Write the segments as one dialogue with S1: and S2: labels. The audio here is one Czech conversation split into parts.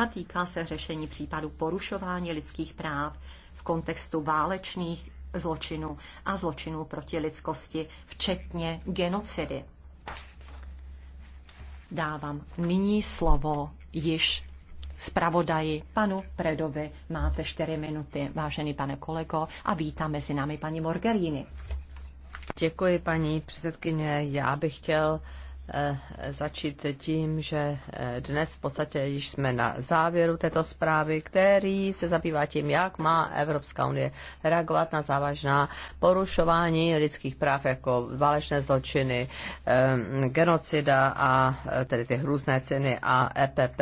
S1: a týká se řešení případů porušování lidských práv v kontextu válečných zločinů a zločinů proti lidskosti, včetně genocidy. Dávám nyní slovo již zpravodaji panu Predovi. Máte čtyři minuty, vážený pane kolego, a
S2: vítám mezi námi paní Morgerini. Děkuji, paní předsedkyně. Já bych chtěl Eh, začít tím, že eh, dnes v podstatě již jsme na závěru této zprávy, který se zabývá tím, jak má Evropská unie reagovat na závažná porušování lidských práv, jako válečné zločiny, eh, genocida a tedy ty hrůzné ceny a EPP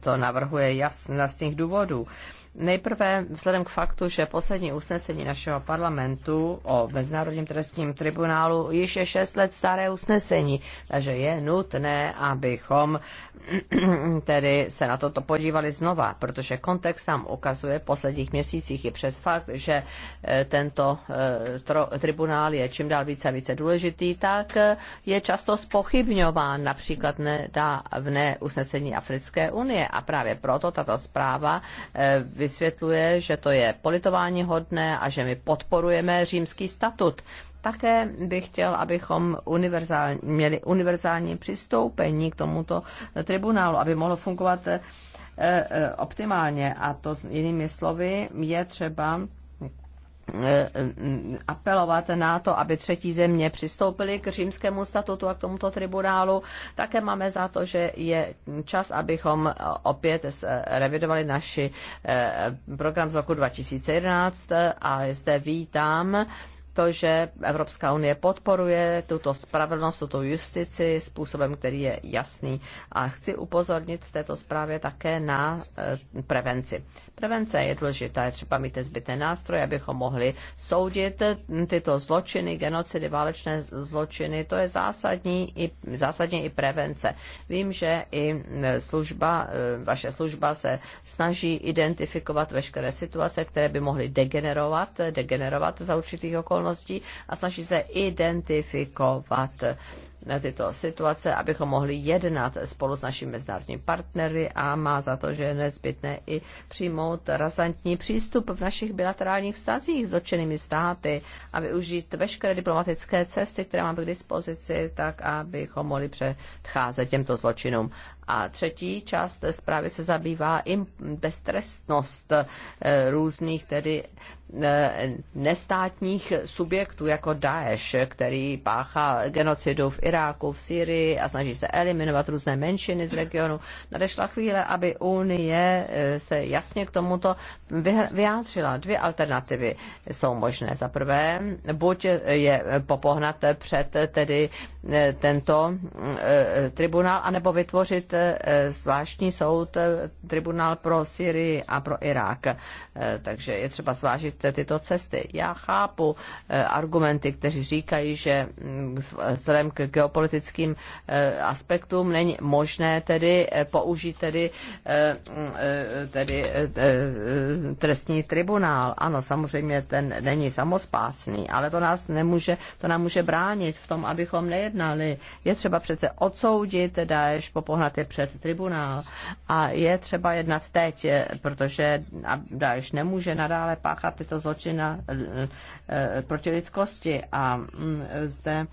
S2: to navrhuje jasných důvodů. Nejprve vzhledem k faktu, že poslední usnesení našeho parlamentu o Mezinárodním trestním tribunálu již je šest let staré usnesení, takže že je nutné, abychom tedy se na toto podívali znova, protože kontext nám ukazuje v posledních měsících i přes fakt, že eh, tento eh, tribunál je čím dál více a více důležitý, tak eh, je často spochybňován například nedávné usnesení Africké unie. A právě proto tato zpráva vysvětluje, že to je politování hodné a že my podporujeme římský statut také bych chtěl, abychom univerzál, měli univerzální přistoupení k tomuto tribunálu, aby mohlo fungovat eh, eh, optimálně. A to jinými slovy je třeba eh, apelovat na to, aby třetí země přistoupily k římskému statutu a k tomuto tribunálu. Také máme za to, že je čas, abychom opět revidovali naši program z roku 2011 a zde vítám to, že Evropská unie podporuje tuto spravedlnost, tuto justici způsobem, který je jasný. A chci upozornit v této zprávě také na eh, prevenci. Prevence je důležitá, je třeba mít zbytné nástroje, abychom mohli soudit tyto zločiny, genocidy, válečné zločiny. To je zásadní i, zásadně i prevence. Vím, že i eh, služba, eh, vaše služba se snaží identifikovat veškeré situace, které by mohly degenerovat, degenerovat za určitých okolností okolností a snaží se identifikovat na tyto situace, abychom mohli jednat spolu s našimi mezinárodními partnery a má za to, že je nezbytné i přijmout razantní přístup v našich bilaterálních vztazích s dotčenými státy a využít veškeré diplomatické cesty, které máme k dispozici, tak abychom mohli předcházet těmto zločinům. A třetí část zprávy se zabývá i beztrestnost eh, různých tedy eh, nestátních subjektů jako Daesh, který páchá genocidu v Iránu Iráku, v Syrii a snaží se eliminovat různé menšiny z regionu. Nadešla chvíle, aby Unie eh, se jasně k tomuto vyjádřila. Dvě alternativy jsou možné. Za prvé, buď je popohnat před tedy eh, tento eh, tribunál, anebo vytvořit zvláštní soud, tribunál pro Syrii a pro Irák. Takže je třeba zvážit tyto cesty. Já chápu argumenty, kteří říkají, že mm, vzhledem k geopolitickým eh, aspektům. Není možné tedy eh, použít tedy, eh, mm, tedy trestní tribunál. Ano, samozřejmě ten není samospásný, ale to nás nemůže, to nám může bránit v tom, abychom nejednali. Je třeba přece odsoudit Daesh, popohnat je před tribunál a je třeba jednat teď, protože Daesh nemůže nadále páchat tyto zločiny proti lidskosti a mm, zde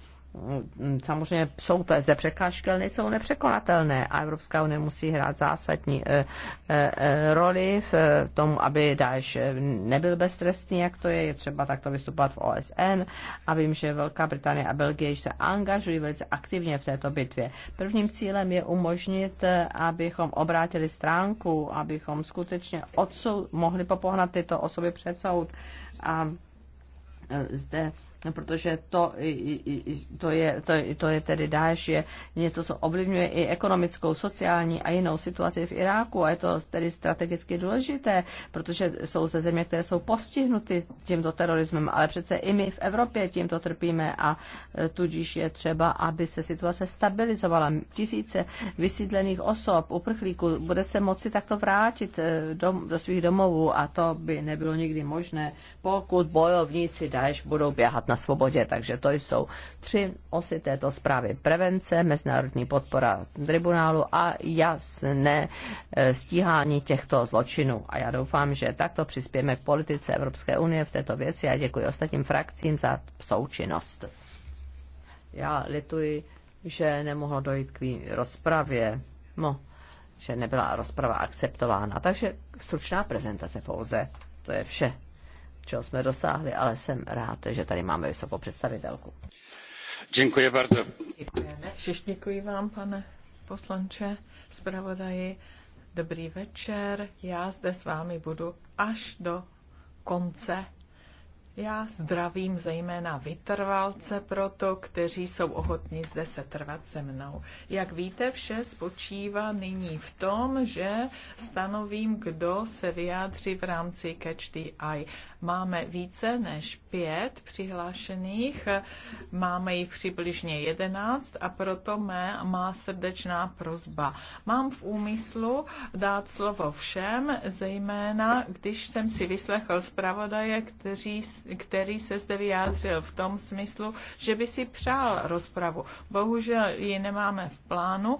S2: samozřejmě jsou to zde překážky, ale nejsou nepřekonatelné a Evropská unie musí hrát zásadní eh, eh, eh, roli v tom, aby Daesh nebyl beztrestný, jak to je, je třeba takto vystupovat v OSN a vím, že Velká Británie a Belgie se angažují velice aktivně v této bitvě. Prvním cílem je umožnit, abychom obrátili stránku, abychom skutečně odsou- mohli popohnat tyto osoby před soud a zde protože to, to, je, to, to je tedy Daesh, je něco, co ovlivňuje i ekonomickou, sociální a jinou situaci v Iráku a je to tedy strategicky důležité, protože jsou ze země, které jsou postihnuty tímto terorismem, ale přece i my v Evropě tímto trpíme a e, tudíž je třeba, aby se situace stabilizovala. Tisíce vysídlených osob, uprchlíků, bude se moci takto vrátit e, do, do svých domovů a to by nebylo nikdy možné, pokud bojovníci Daesh budou běhat na svobodě. Takže to jsou tři osy této zprávy. Prevence, mezinárodní podpora tribunálu a jasné e, stíhání těchto zločinů. A já doufám, že takto přispějeme k politice Evropské unie v této věci a děkuji ostatním frakcím za součinnost. Já lituji, že nemohlo dojít k rozpravě. No, že nebyla rozprava akceptována. Takže stručná prezentace pouze. To je vše čeho jsme dosáhli, ale jsem rád, že tady máme vysokou představitelku.
S3: Děkuji bardzo.
S4: Všech děkuji vám, pane poslanče, zpravodaji. Dobrý večer, já zde s vámi budu až do konce. Já zdravím zejména vytrvalce proto, kteří jsou ochotní zde setrvat se mnou. Jak víte, vše spočívá nyní v tom, že stanovím, kdo se vyjádří v rámci Catch the Eye. Máme více než pět přihlášených, máme jich přibližně jedenáct a proto mé má srdečná prozba. Mám v úmyslu dát slovo všem, zejména když jsem si vyslechl zpravodaje, který, který se zde vyjádřil v tom smyslu, že by si přál rozpravu. Bohužel ji nemáme v plánu,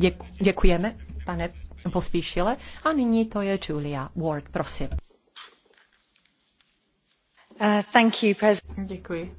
S3: Děku, děkujeme,
S1: pane Pospíšile. A nyní to je Julia Ward, prosím. Uh, thank you, Děkuji,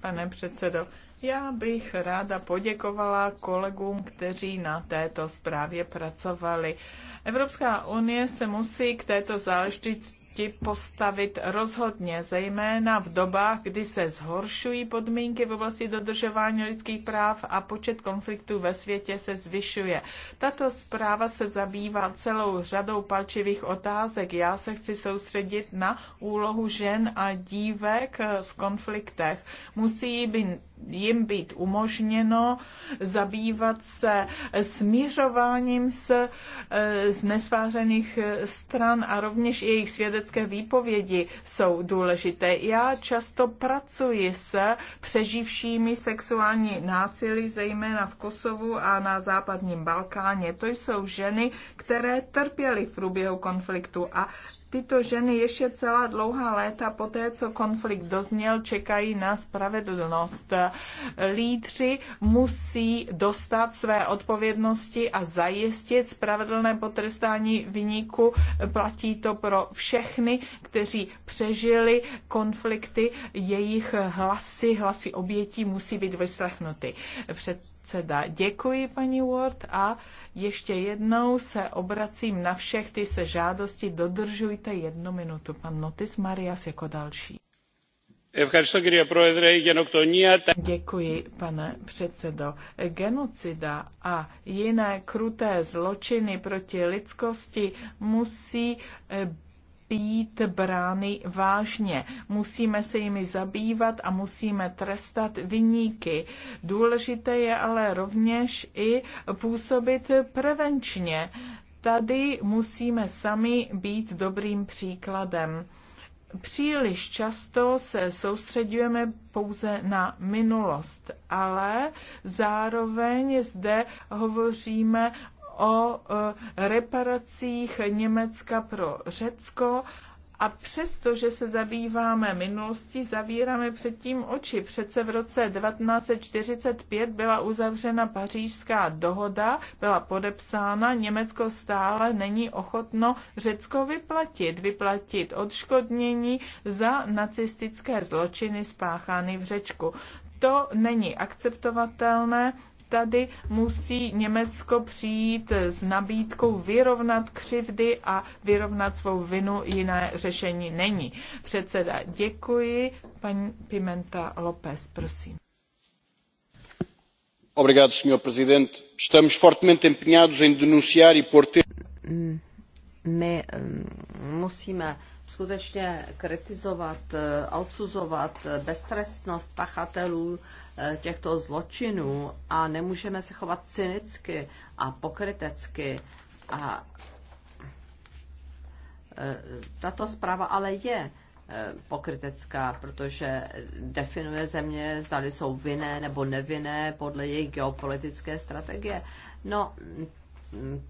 S4: pane předsedo. Já bych ráda poděkovala kolegům, kteří na této zprávě pracovali. Evropská unie se musí k této záležitosti proti postavit rozhodně, zejména v dobách, kdy se zhoršují podmínky v oblasti dodržování lidských práv a počet konfliktů ve světě se zvyšuje. Tato zpráva se zabývá celou řadou palčivých otázek. Já se chci soustředit na úlohu žen a dívek v konfliktech. Musí být jim být umožněno zabývat se smířováním se eh, z nesvářených eh, stran a rovněž jejich svědecké výpovědi jsou důležité. Já často pracuji se přeživšími sexuální násilí, zejména v Kosovu a na západním Balkáně. To jsou ženy, které trpěly v průběhu konfliktu a tyto ženy ještě celá dlouhá léta po té, co konflikt dozněl, čekají na spravedlnost. Lídři musí dostat své odpovědnosti a zajistit spravedlné potrestání vyniku. Platí to pro všechny, kteří přežili konflikty. Jejich hlasy, hlasy obětí musí být vyslechnuty. Předseda, děkuji paní Ward a ještě jednou se obracím na všech ty se žádosti. Dodržujte jednu minutu. Pan Notis Marias jako další.
S5: Děkuji,
S4: pane předsedo. Genocida a jiné kruté zločiny proti lidskosti musí eh, být brány vážně. Musíme se jimi zabývat a musíme trestat vyníky. Důležité je ale rovněž i působit prevenčně. Tady musíme sami být dobrým příkladem. Příliš často se soustředujeme pouze na minulost, ale zároveň zde hovoříme o e, reparacích Německa pro Řecko a přesto, že se zabýváme minulostí, zavíráme předtím oči. Přece v roce 1945 byla uzavřena pařížská dohoda, byla podepsána, Německo stále není ochotno Řecko vyplatit, vyplatit odškodnění za nacistické zločiny spáchány v Řečku. To není akceptovatelné tady musí Německo přijít s nabídkou vyrovnat křivdy a vyrovnat svou vinu, jiné řešení není. Předseda, děkuji. Paní Pimenta López, prosím.
S5: Obrigado, senhor presidente. Estamos fortemente empenhados em denunciar e por ter...
S2: Mm, my mm, musíme skutečně kritizovat, eh, odsuzovat eh, beztrestnost pachatelů, Eh, těchto zločinů a nemůžeme se chovat cynicky a pokrytecky. A eh, tato zpráva ale je eh, pokrytecká, protože definuje země, zdali jsou vinné nebo nevinné podle jejich geopolitické strategie. No,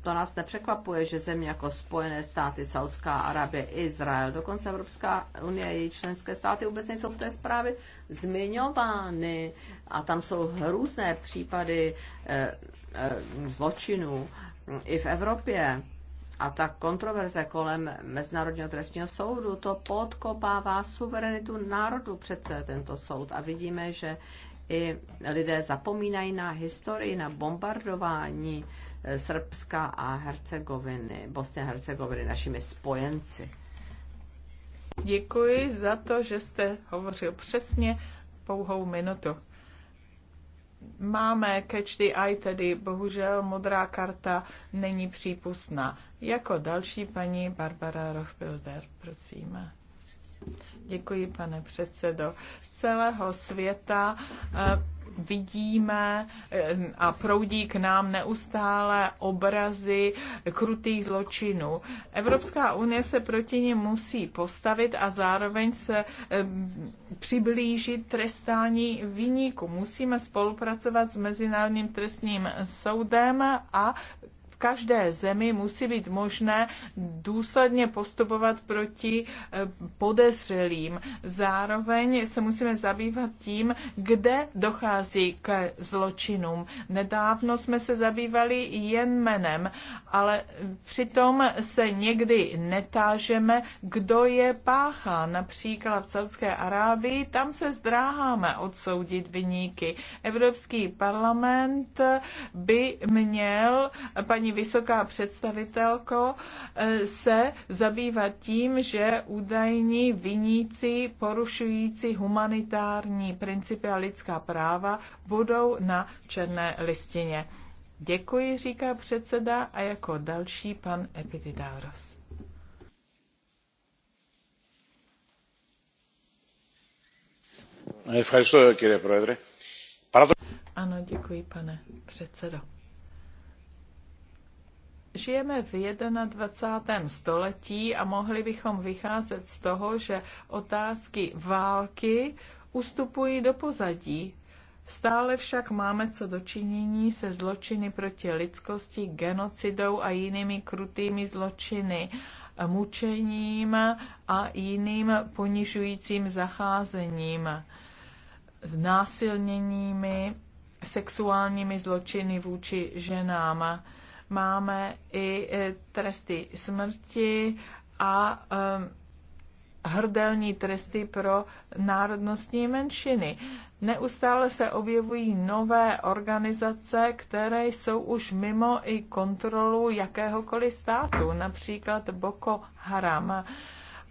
S2: to nás nepřekvapuje, že země jako Spojené státy, Saudská Arabie, Izrael, dokonce Evropská unie, její členské státy vůbec nejsou v té zprávě zmiňovány. A tam jsou různé případy eh, eh, zločinů i v Evropě. A ta kontroverze kolem Mezinárodního trestního soudu, to podkopává suverenitu národu přece tento soud. A vidíme, že i lidé zapomínají na historii, na bombardování eh, Srbska a Hercegoviny, Bosny a Hercegoviny našimi spojenci.
S4: Děkuji za to, že jste hovořil přesně pouhou minutu. Máme catch the eye, tedy bohužel modrá karta není přípustná. Jako další paní Barbara Rochbilder, prosím. Děkuji, pane předsedo. Z celého světa eh, vidíme eh, a proudí k nám neustále obrazy krutých zločinů. Evropská unie se proti ně musí postavit a zároveň se eh, přiblížit trestání vyníku. Musíme spolupracovat s Mezinárodním trestním soudem a každé zemi musí být možné důsledně postupovat proti eh, podezřelým. Zároveň se musíme zabývat tím, kde dochází k zločinům. Nedávno jsme se zabývali menem, ale přitom se někdy netážeme, kdo je páchá. Například v Saudské Arábii, tam se zdráháme odsoudit vyníky. Evropský parlament by měl paní vysoká představitelko, eh, se zabývat tím, že údajní viníci porušující humanitární principy a lidská práva budou na černé listině. Děkuji, říká předseda a jako další pan Epitidáros. Ano, děkuji, pane předsedo. Žijeme v 21. století a mohli bychom vycházet z toho, že otázky války ustupují do pozadí. Stále však máme co dočinění se zločiny proti lidskosti, genocidou a jinými krutými zločiny, mučením a jiným ponižujícím zacházením, násilněními, sexuálními zločiny vůči ženám máme i e, tresty smrti a e, hrdelní tresty pro národnostní menšiny. Neustále se objevují nové organizace, které jsou už mimo i kontrolu jakéhokoliv státu, například Boko Haram.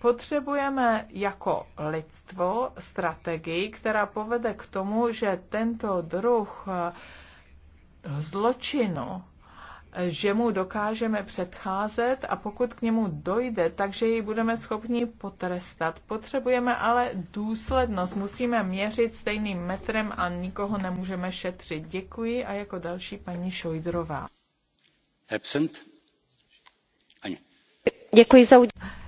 S4: Potřebujeme jako lidstvo strategii, která povede k tomu, že tento druh e, zločinu že mu dokážeme předcházet a pokud k němu dojde, takže ji budeme schopni potrestat. Potřebujeme ale důslednost, musíme měřit stejným metrem a nikoho nemůžeme šetřit. Děkuji a jako další paní Šojdrová.
S3: Absent?
S1: Ani. Děkuji za udělení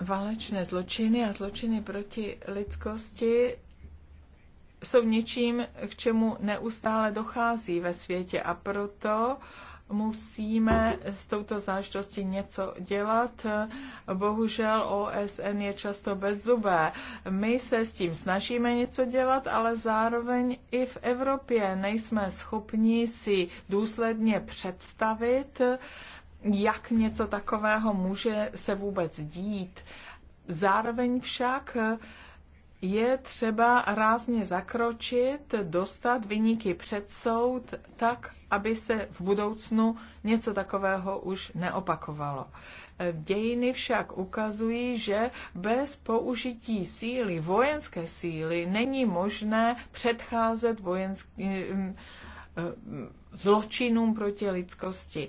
S4: Válečné zločiny a zločiny proti lidskosti jsou něčím, k čemu neustále dochází ve světě a proto musíme s touto záležitostí něco dělat. Bohužel OSN je často bezzubé. My se s tím snažíme něco dělat, ale zároveň i v Evropě nejsme schopni si důsledně představit, jak něco takového může se vůbec dít. Zároveň však je třeba rázně zakročit, dostat vyníky před soud tak, aby se v budoucnu něco takového už neopakovalo. Dějiny však ukazují, že bez použití síly, vojenské síly, není možné předcházet vojenským eh, zločinům proti lidskosti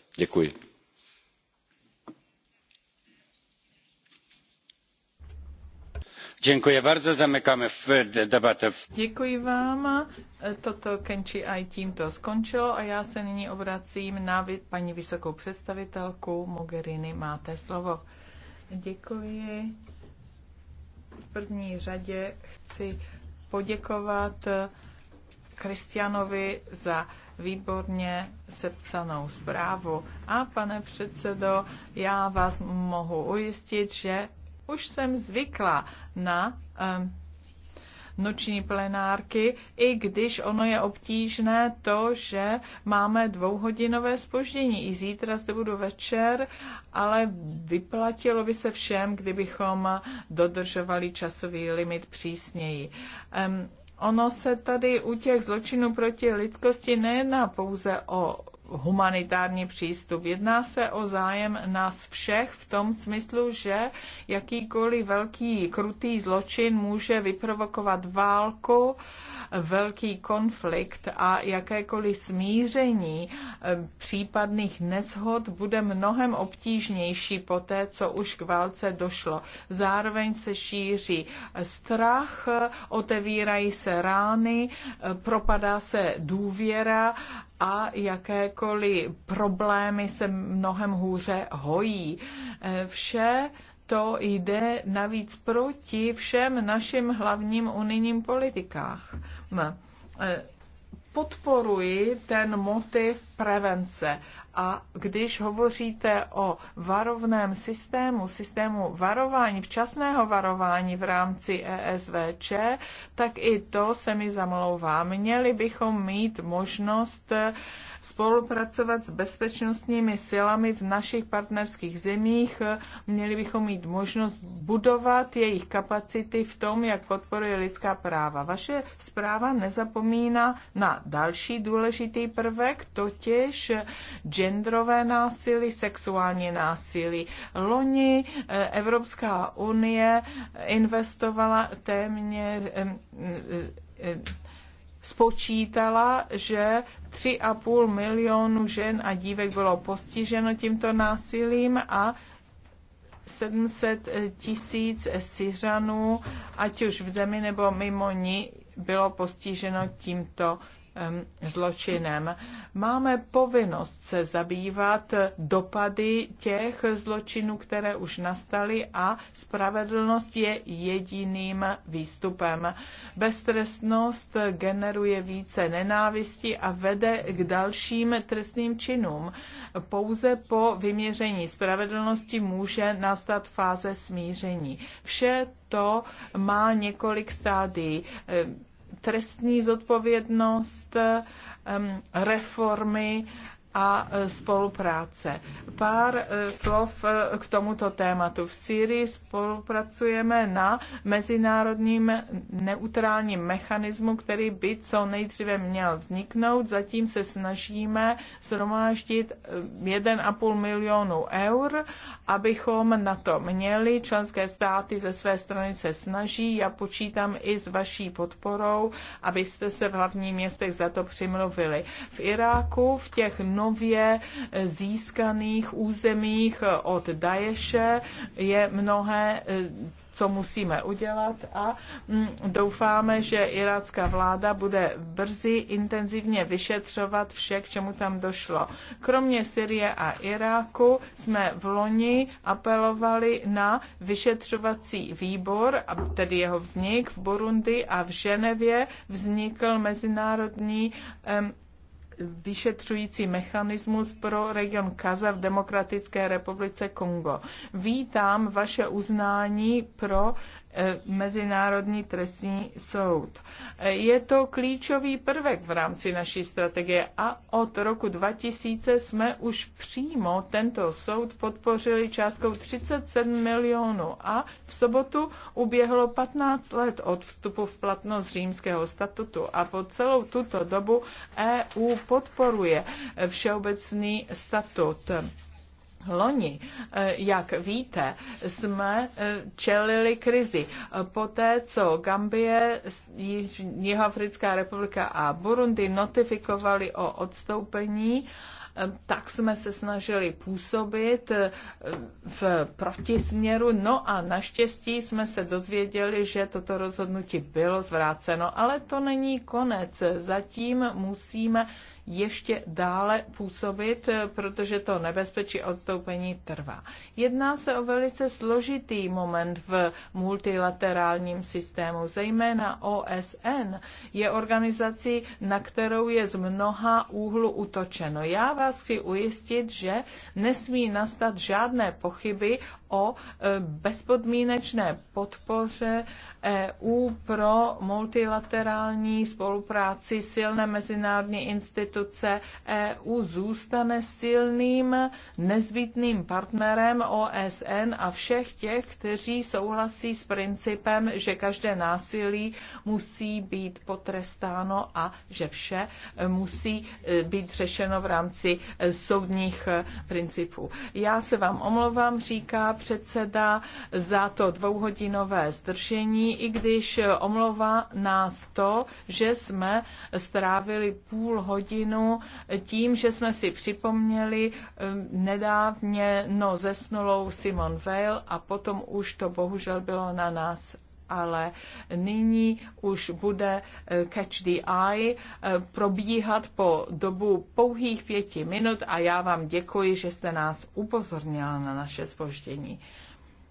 S3: děkuji. Děkuji bardzo, zamykáme debatu.
S4: Děkuji vám. Toto Kenči i tímto skončilo a já se nyní obracím na paní vysokou představitelku Mogherini. Máte slovo. Děkuji. V první řadě chci poděkovat Kristianovi za výborně sepsanou zprávu. A pane předsedo, já vás mohu ujistit, že už jsem zvykla na um, noční plenárky, i když ono je obtížné to, že máme dvouhodinové spoždění. I zítra zde budu večer, ale vyplatilo by se všem, kdybychom dodržovali časový limit přísněji. Um, Ono se tady u těch zločinů proti lidskosti nejedná pouze o humanitární přístup. Jedná se o zájem nás všech v tom smyslu, že jakýkoliv velký krutý zločin může vyprovokovat válku, velký konflikt a jakékoliv smíření eh, případných neshod bude mnohem obtížnější po té, co už k válce došlo. Zároveň se šíří strach, otevírají se rány, eh, propadá se důvěra a jakékoliv problémy se mnohem hůře hojí. Eh, vše to jde navíc proti všem našim hlavním unijním politikách. Eh, podporuji ten motiv prevence a když hovoříte o varovném systému, systému varování, včasného varování v rámci ESVČ, tak i to se mi zamlouvá. Měli bychom mít možnost uh, spolupracovat s bezpečnostními silami v našich partnerských zemích. Měli bychom mít možnost budovat jejich kapacity v tom, jak podporuje lidská práva. Vaše zpráva nezapomíná na další důležitý prvek, totiž genderové násilí, sexuální násilí. Loni eh, Evropská unie investovala téměř eh, eh, spočítala, že 3,5 milionu žen a dívek bylo postiženo tímto násilím a 700 tisíc Syřanů, ať už v zemi nebo mimo ní, bylo postiženo tímto zločinem. Máme povinnost se zabývat dopady těch zločinů, které už nastaly a spravedlnost je jediným výstupem. Beztrestnost generuje více nenávisti a vede k dalším trestným činům. Pouze po vyměření spravedlnosti může nastat fáze smíření. Vše to má několik stádií trestní zodpovědnost, reformy a e, spolupráce. Pár e, slov e, k tomuto tématu. V Syrii spolupracujeme na mezinárodním neutrálním mechanismu, který by co nejdříve měl vzniknout. Zatím se snažíme zhromáždit 1,5 milionu eur, abychom na to měli. Členské státy ze své strany se snaží. Já počítám i s vaší podporou, abyste se v hlavních městech za to přimluvili. V Iráku v těch nově eh, získaných územích eh, od Daješe je mnohé eh, co musíme udělat a mm, doufáme, že irácká vláda bude brzy intenzivně vyšetřovat vše, k čemu tam došlo. Kromě Syrie a Iráku jsme v loni apelovali na vyšetřovací výbor, tedy jeho vznik v Burundi a v Ženevě vznikl mezinárodní um, vyšetřující mechanismus pro region Kaza v Demokratické republice Kongo. Vítám vaše uznání pro E, Mezinárodní trestní soud. E, je to klíčový prvek v rámci naší strategie a od roku 2000 jsme už přímo tento soud podpořili částkou 37 milionů a v sobotu uběhlo 15 let od vstupu v platnost římského statutu a po celou tuto dobu EU podporuje všeobecný statut Loni, eh, jak víte, jsme eh, čelili krizi. Eh, poté, co Gambie, Jihoafrická republika a Burundi notifikovali o odstoupení, tak jsme se snažili působit v protisměru. No a naštěstí jsme se dozvěděli, že toto rozhodnutí bylo zvráceno. Ale to není konec. Zatím musíme ještě dále působit, protože to nebezpečí odstoupení trvá. Jedná se o velice složitý moment v multilaterálním systému, zejména OSN je organizací, na kterou je z mnoha úhlu utočeno. Já vás chci ujistit, že nesmí nastat žádné pochyby o e, bezpodmínečné podpoře EU pro multilaterální spolupráci silné mezinárodní instituce EU zůstane silným nezbytným partnerem OSN a všech těch, kteří souhlasí s principem, že každé násilí musí být potrestáno a že vše e, musí e, být řešeno v rámci soudních principů. Já se vám omlouvám, říká předseda za to dvouhodinové zdržení, i když omlouvá nás to, že jsme strávili půl hodinu tím, že jsme si připomněli um, nedávně no zesnulou Simon Veil a potom už to bohužel bylo na nás ale nyní už bude eh, Catch the Eye eh, probíhat po dobu pouhých pěti minut a já vám děkuji, že jste nás upozornila na naše spoždění.